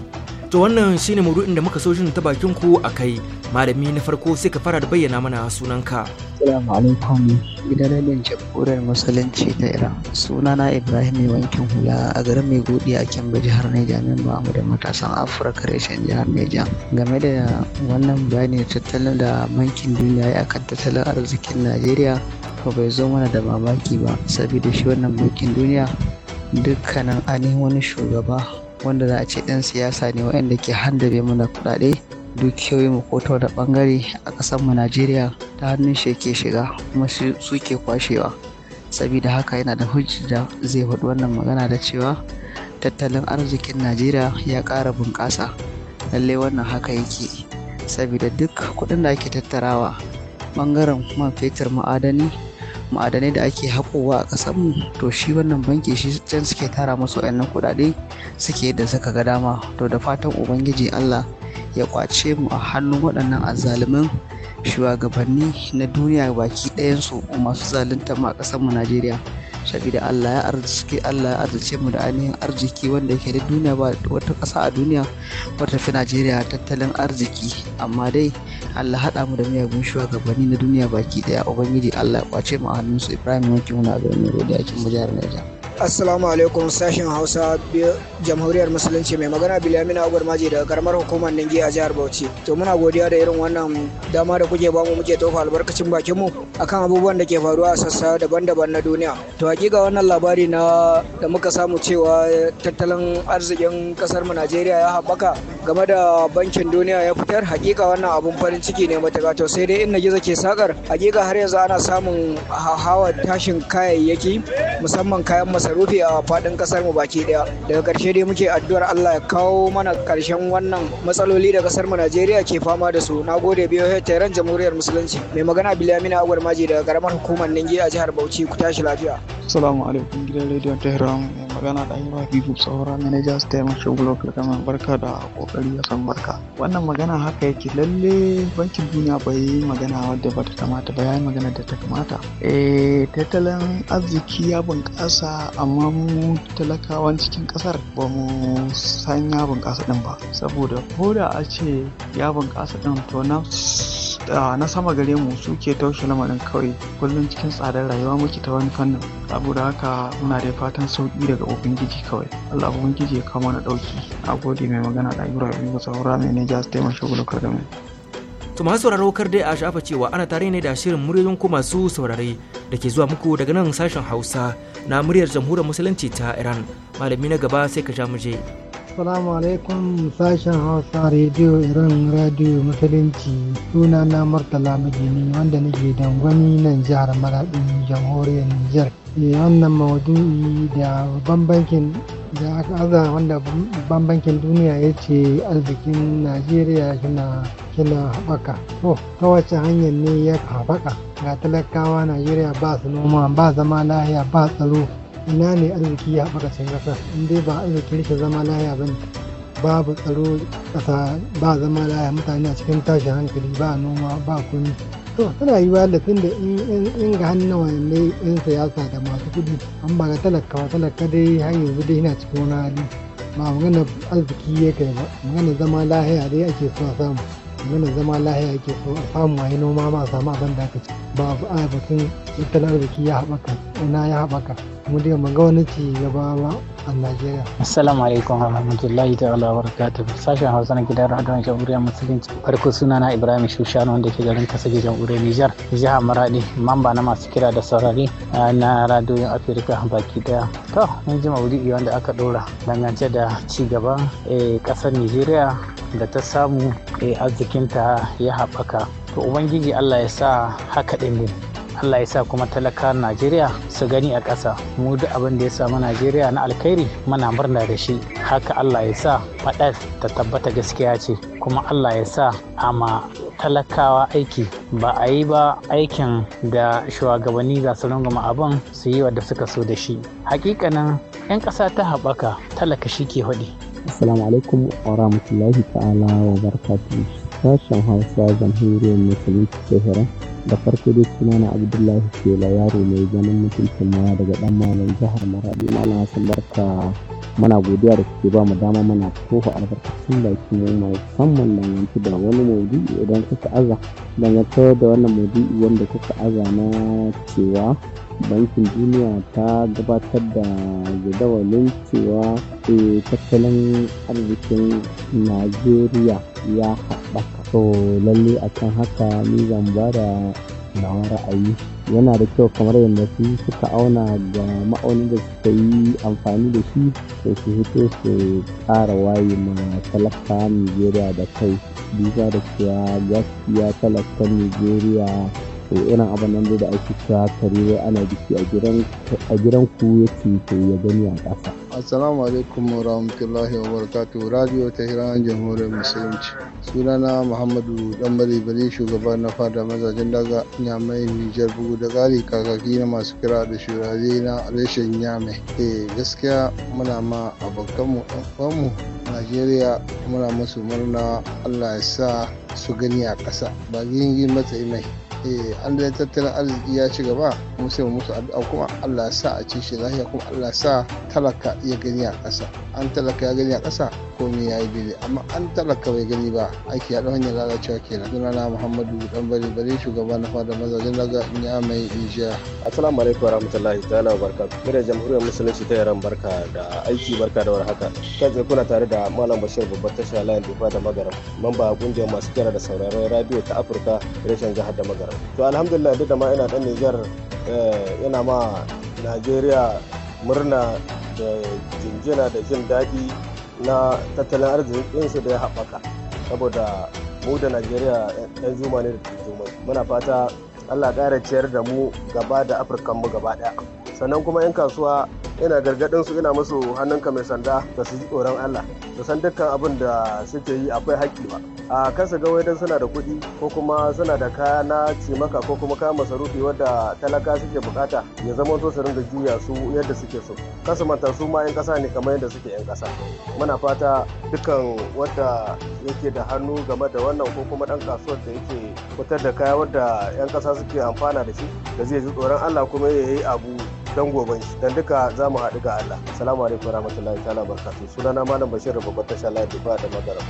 to wannan shine maudu'in da muka so shi ta bakin ku a kai malami na farko sai ka fara da bayyana mana sunanka Assalamu alaikum gidan ne jamhuriyar musulunci ta Iran sunana Ibrahim wankin hula a garin mai godi a jihar Neja ba mu da matasan Afirka reshen jihar Neja game da wannan bayani tattalin da bankin duniya ya akan tattalin arzikin Najeriya fa bai zo mana da mamaki ba saboda shi wannan mulkin duniya dukkanin ainihin wani shugaba wanda za a ce ɗan siyasa ne waɗanda ke handabe mana kuɗaɗe dukiyoyi mu ko da ɓangare a ƙasar mu najeriya ta hannun shi ke shiga kuma su ke kwashewa saboda haka yana da hujja zai faɗi wannan magana da cewa tattalin arzikin najeriya ya ƙara bunƙasa lalle wannan haka yake saboda duk kuɗin da ake tattarawa ɓangaren man fetur ma'adani ma'adanai da ake haƙowa a ƙasarmu to shi wannan banki shi can suke tara musu wayannan kuɗaɗe suke yadda suka ga dama to da fatan ubangiji allah ya kwace mu a hannun waɗannan azzalumin shugabanni na duniya baki ɗayansu masu zalunta ma ƙasarmu najeriya saboda Allah ya arziki Allah ya arzice mu da ainihin arziki wanda yake da duniya ba wata ƙasa a duniya wata fi Najeriya tattalin arziki amma dai Allah haɗa mu da miyagun shugabanni na duniya baki daya ubangiji Allah ya kwace mu a hannunsu Ibrahim Yankin ga Birnin Rodi cikin Jihar Niger. assalamu alaikum sashen hausa jamhuriyar musulunci mai magana bilamina agwar maji daga karamar hukumar ninge a jihar bauchi to muna godiya da irin wannan dama da kuke bamu muke tofa albarkacin bakinmu akan abubuwan da ke faruwa a sassa daban-daban na duniya to hakika wannan labari na da muka samu cewa tattalin arzikin kasar mu najeriya ya haɓaka game da bankin duniya ya fitar hakika wannan abun farin ciki ne matuƙa to sai dai in na gizo ke sakar hakika har yanzu ana samun hawa tashin kayayyaki musamman kayan masarufi rufe a faɗin ƙasar mu baki ɗaya daga ƙarshe dai muke addu'ar Allah ya kawo mana ƙarshen wannan matsaloli da ƙasar mu Najeriya ke fama da su nagode biyo taron jamhuriyar musulunci mai magana Bilamina Agwar Maji daga karamar hukumar Ninge a jihar Bauchi ku tashi lafiya Assalamu alaikum gidan rediyon Tehran mai magana da Ayuba Bibu Saura manager Stem da Kama barka da kokari ya san barka wannan magana haka yake lalle bankin duniya bai yi magana wadda ba ta kamata ba yayi magana da ta kamata eh tattalin arziki ya bunƙasa amma mu talakawan cikin kasar ba mu san ya bunƙasa ɗin ba saboda ko da a ce ya bunƙasa din to na na sama gare mu suke taushe lamarin kawai kullum cikin tsadar rayuwa muke ta wani fannin saboda haka muna da fatan sauki daga ubangiji kawai allah ubangiji ya kama na ɗauki a gode mai magana da yura biyu saura mai ne ja su taimaka shugaba da To masu sauraro kar dai a shafa cewa ana tare ne da shirin muryoyin ku masu saurare da ke zuwa muku daga nan sashen Hausa na muryar jamhuriyar musulunci ta Iran. Malami na gaba sai ka sha muje. salamu alaikum sashen Hausa Radio Iran Radio Musulunci suna na Murtala Majini wanda nake dangwani nan jihar Maraɗi jamhuriyar Nijar. Eh, wannan maudu'i da babban da aka aza wanda babban duniya ya ce arzikin najeriya yana kina haɓaka to ta wace hanyar ne ya haɓaka ga talakawa najeriya ba su noma ba zama lahiya ba tsaro ina ne arziki ya haɓaka cikin in dai ba arziki rike zama lahiya ba ne babu tsaro ƙasa ba zama lahiya mutane a cikin tashin hankali ba noma ba kuni to tana yi wa tun da in ga hannun wani yan siyasa da masu kudi an ba ga talakawa talaka dai hanyar yanzu dai yana cikin wani hali ba magana arziki ya kai ba magana zama lahiya dai ake so samu mana zama lahiya ke so a samu a noma ma a samu abin da aka ci ba a batun tattalin arziki ya haɓaka ina ya haɓaka kuma dai mu ga wani ci gaba ba a Najeriya. Assalamu alaikum warahmatullahi ta'ala barakatuh. Sashen Hausa na gidan Radon Jamhuriyar Musulunci. Farko sunana Ibrahim Shushano wanda ke garin Kasage Jamhuriyar Nijar, jihar Maradi, mamba na masu kira da saurari na radiyon Afirka baki daya. To, mun ji maudu'i wanda aka ɗora dangance da ci gaban kasar eh, Nijeriya da ta samu a eh, arzikinta ya haɓaka to ubangiji allah ya sa haka ɗin Allah ya sa kuma talaka Najeriya su gani a ƙasa mu duk abin da ya samu Najeriya na alkhairi muna murna da shi haka Allah ya sa faɗar ta tabbata gaskiya ce kuma Allah ya sa ama talakawa aiki ba a yi ba aikin da shugabanni za su rungama abin su yi wa da suka so da shi hakikanin 'yan ƙasa ta haɓaka talaka shi ke haɗi Assalamu alaikum wa rahmatullahi ta'ala wa barakatuhu. Sashen Hausa Jamhuriyar Musulunci Tehran da farko dai suna na Abdullahi Kela yaro mai ganin mutuncin mawa daga dan malam jihar Maradi Malam Hassan Barka muna godiya da kuke ba mu dama mana toho albarkacin baki mu musamman yanki da wani maudu'i idan kuka aza dangance da wannan maudu'i wanda kuka aza na cewa bankin duniya ta gabatar da jadawalin cewa eh, tattalin arzikin najeriya ya haɓaka So lalle a kan haka ni zan ba da nawa ra'ayi yana da kyau kamar yadda su suka auna ga ma'aunin da suka yi amfani da shi to su hito su ƙara waye ma talaka nigeria da kai duba da cewa gaskiya talakan nigeria to irin abin nan da ake cewa kare ana biki a gidan ku ya ce ya gani a ƙasa. Assalamu alaikum wa rahmatullahi wa barakatuh Radio ta Hiran Jamhuriyar Musulunci. Sunana Muhammadu dan bari shugaba na fada mazajen daga Nyamai Nijar bugu da gari kakaki na masu kira da shurare na reshen Nyamai. Eh gaskiya muna ma abokanmu mu Najeriya muna musu murna Allah ya sa su gani a ƙasa ba yi matsayi mai eh an da tattalin arziki ya ci gaba mu sai musu addu'a kuma Allah ya sa a ci shi lafiya kuma Allah ya sa talaka ya gani a ƙasa an talaka ya gani a ƙasa komai ya yi bile amma an talaka bai gani ba aiki ya hanyar lalacewa kenan sunana Muhammadu dan bare bare shugaba na fada mazajen daga ina mai Niger assalamu alaikum warahmatullahi ta'ala wabarakatuh da jamhuriyar musulunci ta yaran barka da aiki barka da warhaka kan tsaye kuna tare da malam Bashir babbar tasha layin dufa da magaram mamba kungiyar masu kira da sauraron radio ta Afirka reshen jihar da magaram Nijar. To alhamdulillah duk da ma ina dan Nijar yana eh, ma Najeriya murna da jinjina da jin daɗi na tattalin arzikinsu da ya haɓaka saboda mu da Najeriya ɗan zuma ne da jumai muna fata Allah ƙara ciyar da mu gaba da Afirkan mu gaba ɗaya sannan kuma 'yan kasuwa ina gargaɗin su ina musu hannunka mai sanda da su ji tsoron Allah da san dukkan abin da suke yi akwai haƙƙi ba a kansa gawai dan suna da kuɗi ko kuma suna da kaya na cimaka ko kuma kayan masarufi wadda talaka suke bukata ya zama to su ringa juya su yadda suke so kasu manta su ma 'yan ƙasa ne kamar yadda suke 'yan ƙasa muna fata dukkan wadda yake da hannu game da wannan ko kuma ɗan kasuwar da yake fitar da kaya wadda ''yan ƙasa suke amfana da shi da zai ji tsoron Allah kuma ya yi abu don shi dan duka za mu haɗu ga Allah assalamu alaikum warahmatullahi ta'ala barkatu sunana malam bashir babbar tasha da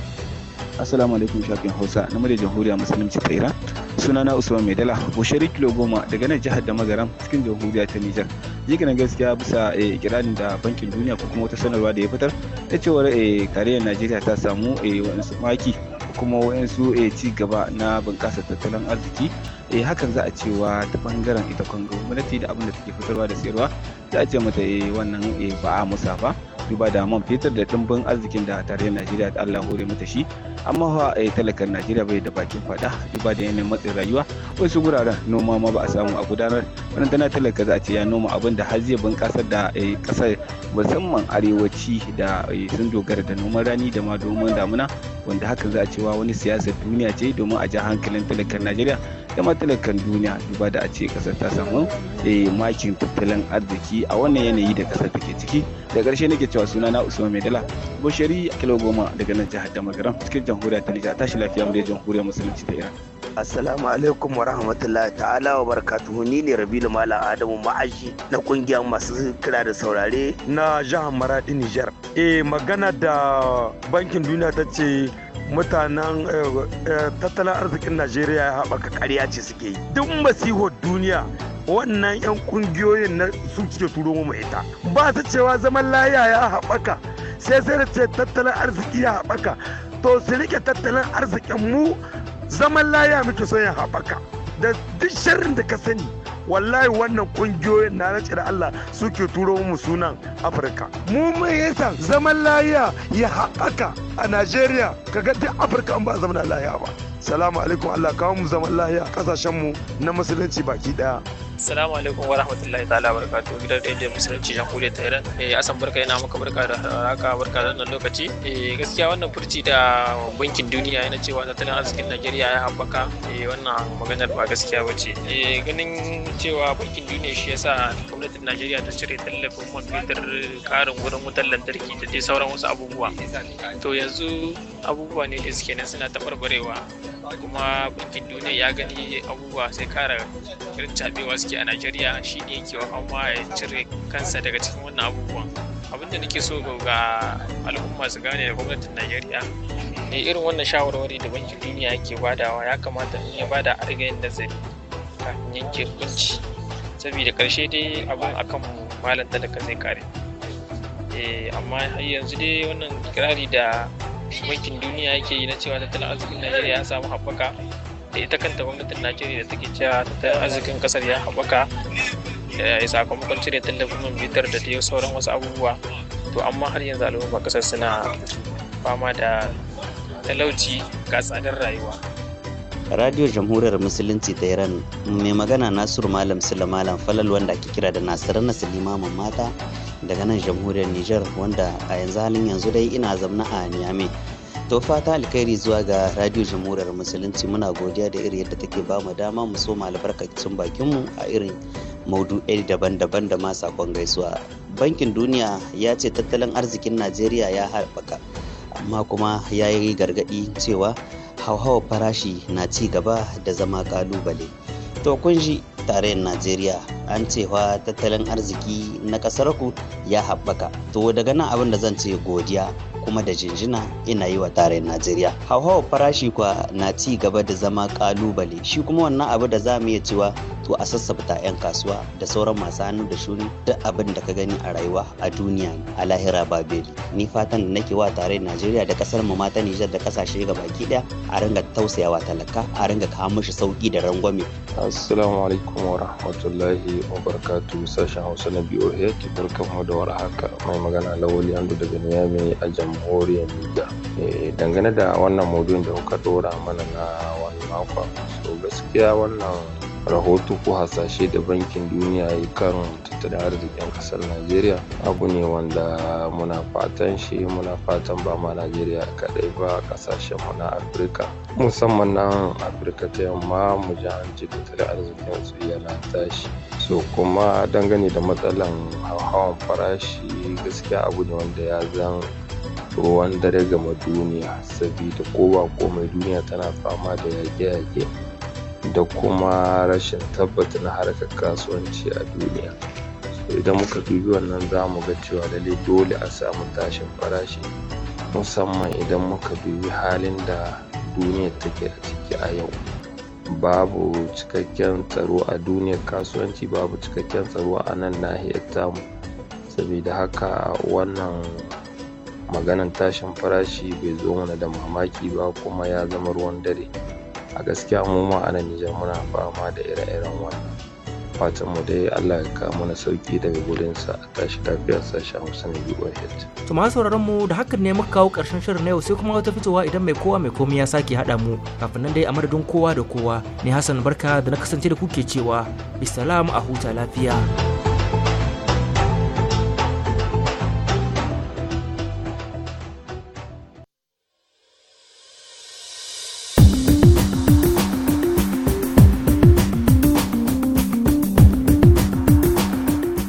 Assalamu alaikum shafin Hausa na murya jamhuriya musulunci ta Iran. Sunana Usman Maidala, Bushari kilo goma daga nan jihar da magaram cikin jamhuriya ta Nijar. Jikinan gaskiya bisa eh, kiranin da bankin duniya ko kuma wata sanarwa da ya fitar ta cewar kariyar eh, Najeriya ta samu eh, wasu maki kuma wayansu ci gaba na bunƙasa tattalin arziki. e hakan za a cewa ta bangaren ita kwan gwamnati da abin da take fitarwa da sayarwa ta ce mata yi eh, wannan eh, ba a musa ba duba da man fetur da dimbin arzikin da tarayyar najeriya da allah hore mata shi amma fa a eh, talakar najeriya bai da bakin fada duba da yanayin matsin rayuwa wasu guraren noma ma ba a samu a gudanar wannan tana talaka za a ce ya noma abin da har zai bunkasar da kasar musamman arewaci da sun dogara da noman rani da ma domin damuna wanda hakan za a cewa wani siyasar duniya ce domin a ja hankalin talakar najeriya da matalakan duniya duba da a ce kasar ta samu eh, makin tattalin arziki a wannan yanayi da kasar take ciki da ƙarshe nake cewa suna na usman maidala bushari kilo goma daga nan jihar damagaram cikin jamhuriyar ta nijar tashi lafiya mu jamhuriyar musulunci ta iran Assalamu alaikum wa rahmatullahi ta'ala wa barakatuhu ni ne Rabilu Malam Adamu Ma'aji na kungiyar masu kira da saurare na jihar Maradi Nijar. Eh magana da bankin duniya ta ce mutanen eh, eh, tattalin arzikin najeriya ya haɓaka ƙarya ce suke yi duk masihar duniya wannan 'yan kungiyoyin na su suke turo mu ita ba su cewa zaman laya ya haɓaka sai sai da ce tattalin arziki ya haɓaka to su rike tattalin arzikin mu zaman laya muke son ya haɓaka da duk sharrin da ka sani wallahi wannan kungiyoyin na na da Allah suke turo mu sunan Afirka mu mun yasa zaman lafiya ya haɓaka a Najeriya ga duk Afirka an ba zaman lafiya ba salamu alaikum Allah kawo mu zaman lafiya kasashen mu na musulunci baki ɗaya. Assalamu alaikum wa rahmatullahi ta'ala barakatu gidan rediyon musulunci ta Tehran. Eh asan barka yana maka barka da haraka barka da wannan lokaci. Eh gaskiya wannan furci da bankin duniya yana cewa tattalin arzikin Najeriya ya haɓaka. Eh wannan maganar ba gaskiya bace Eh ganin cewa bankin duniya shi yasa gwamnatin Najeriya ta cire tallafin man fetur karin wurin wutar lantarki da dai sauran wasu abubuwa. To yanzu abubuwa ne da suke nan suna tabarbarewa. kuma bankin duniya ya gani abubuwa sai kara irin cabewa ciki a najeriya shi ne yake amma ya cire kansa daga cikin wannan abubuwan abin da nake so ga al'umma su gane da gwamnatin najeriya ne eh, irin wannan shawarwari da bankin duniya yake badawa ya kamata in ya bada a rigayen nazari kafin yanke hukunci saboda karshe dai abin akan malam talaka zai kare eh, amma har yanzu dai wannan kirari da bankin duniya yake yi na cewa tattalin arzikin najeriya ya samu haɓaka da ita kanta gwamnatin najeriya da take cewa ta arzikin kasar ya haɓaka ya sakamakon cire tallafin man bitar da ta sauran wasu abubuwa to amma har yanzu al'umma kasar suna fama da talauci ga tsadar rayuwa Radio Jamhuriyar Musulunci ta Iran mai magana Nasiru Malam Sula Malam Falal wanda ake kira da Nasiru limamin mata daga nan Jamhuriyar niger wanda a yanzu halin yanzu dai ina zamna a Niamey. To fata alkhairi zuwa ga Radio Jamhuriyar Musulunci muna godiya da irin yadda take ba mu dama mu soma albarkacin bakinmu a irin maudu'ai daban-daban da ma sakon gaisuwa. Bankin Duniya ya ce tattalin arzikin Najeriya ya haɓaka amma kuma ya yi gargaɗi cewa hauhawar farashi na ci gaba da zama ƙalubale. To kun ji tarayyar Najeriya an cewa tattalin arziki na ƙasar ku ya haɓaka. To daga nan abin da zan ce godiya kuma da jinjina ina yi wa tarayyar najeriya hauhawar farashi kwa na ci gaba da zama kalubale shi kuma wannan abu da za mu iya cewa to a sassabta 'yan kasuwa da sauran masu hannu da shuni duk abin da ka gani a rayuwa a duniya a lahira babel ni fatan da nake wa tare najeriya da kasar mu mata nijar da kasashe ga baki daya a ringa tausayawa talaka a ringa kawo mishi sauki da rangwame assalamu alaikum wa rahmatullahi wa barakatuh sashen hausa na boh barkanmu da haka. mai magana lawali andu daga niyami a jamhuriyar niger eh, dangane da wannan maudu'in da kuka dora mana na wani makon so gaskiya wannan rahoto ko hasashe da bankin duniya ya kan tattalin arzikin kasar najeriya abu ne wanda muna fatan shi muna fatan ba ma najeriya kaɗai ba kasashen mu na afirka musamman na afirka ta yamma mu ji an ji tattalin arzikin su yana tashi so kuma dangane da matsalan hauhawan farashi gaskiya abu ne wanda ya zan ruwan dare gama duniya sabida ko ba komai duniya tana fama da yaƙe-yaƙe da kuma rashin tabbatar na harkar kasuwanci a duniya idan muka dubi wannan za mu ga cewa lalle dole a samu tashin farashi musamman idan muka dubi halin da duniya take a ciki a yau babu cikakken tsaro a duniyar kasuwanci babu cikakken tsaro a nan nahiyar tamu saboda haka wannan maganan tashin farashi bai zo mana da mamaki ba kuma ya zama ruwan dare a gaskiya mu ma a nan muna fama da ire-iren wannan fatan mu dai Allah ya kawo mana sauki daga gurin sa a tashi lafiya sashen Hausa na BOH. To ma sauraron mu da hakan ne muka kawo karshen shirin na yau sai kuma wata fitowa idan mai kowa mai komai ya sake haɗa mu kafin nan dai a madadin kowa da kowa ne Hassan barka da na kasance da kuke cewa bisalamu a huta lafiya.